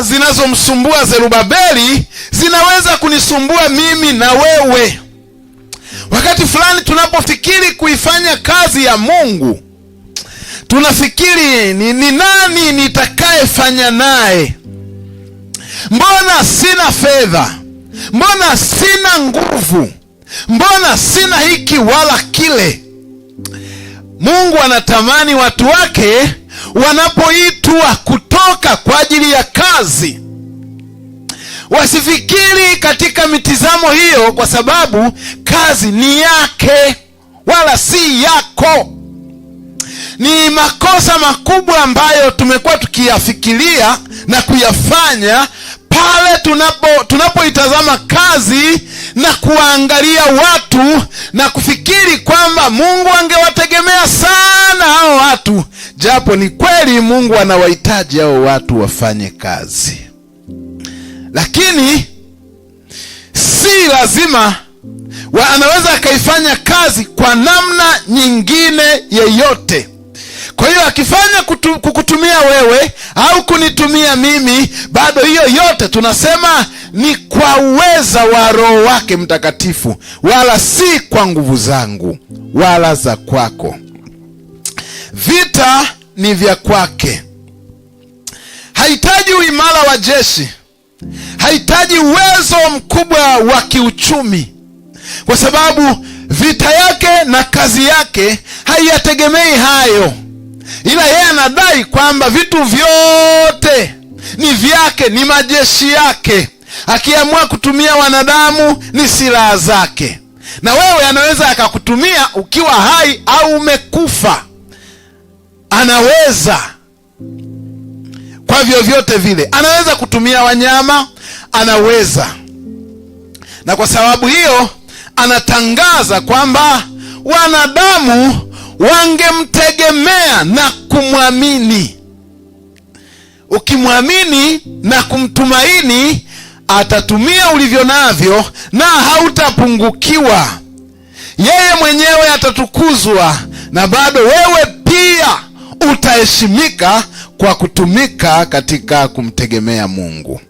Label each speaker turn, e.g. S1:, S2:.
S1: zinazomsumbua Zerubabeli zinaweza kunisumbua mimi na wewe. Wakati fulani tunapofikiri kuifanya kazi ya Mungu, tunafikiri ni, ni nani nitakayefanya naye? Mbona sina fedha? Mbona sina nguvu? Mbona sina hiki wala kile? Mungu anatamani watu wake wanapoita hatua kutoka kwa ajili ya kazi. Wasifikiri katika mitizamo hiyo, kwa sababu kazi ni yake wala si yako. Ni makosa makubwa ambayo tumekuwa tukiyafikiria na kuyafanya pale tunapo tunapoitazama kazi na kuwaangalia watu na kufikiri kwamba Mungu japo ni kweli Mungu anawahitaji hao watu wafanye kazi, lakini si lazima wa anaweza akaifanya kazi kwa namna nyingine yeyote. Kwa hiyo akifanya kutu, kukutumia wewe au kunitumia mimi, bado hiyo yote tunasema ni kwa uweza wa Roho wake Mtakatifu, wala si kwa nguvu zangu wala za kwako. Vita ni vya kwake. Haitaji uimara wa jeshi, haitaji uwezo mkubwa wa kiuchumi, kwa sababu vita yake na kazi yake haiyategemei hayo, ila yeye anadai kwamba vitu vyote ni vyake, ni majeshi yake. Akiamua kutumia wanadamu ni silaha zake, na wewe anaweza akakutumia ukiwa hai au umekufa anaweza kwa vyovyote vile, anaweza kutumia wanyama, anaweza na kwa sababu hiyo anatangaza kwamba wanadamu wangemtegemea na kumwamini. Ukimwamini na kumtumaini, atatumia ulivyo navyo na hautapungukiwa. Yeye mwenyewe atatukuzwa, na bado wewe utaheshimika kwa kutumika katika kumtegemea Mungu.